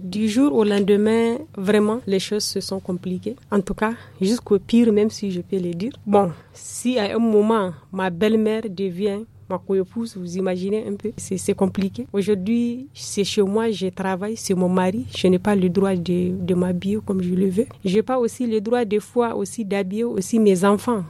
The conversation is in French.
Du jour au lendemain, vraiment, les choses se sont compliquées. En tout cas, jusqu'au pire, même si je peux le dire. Bon, si à un moment, ma belle-mère devient ma co-épouse, vous imaginez un peu, c'est compliqué. Aujourd'hui, c'est chez moi, je travaille, c'est mon mari, je n'ai pas le droit de, de m'habiller comme je le veux. Je n'ai pas aussi le droit des fois aussi d'habiller aussi mes enfants.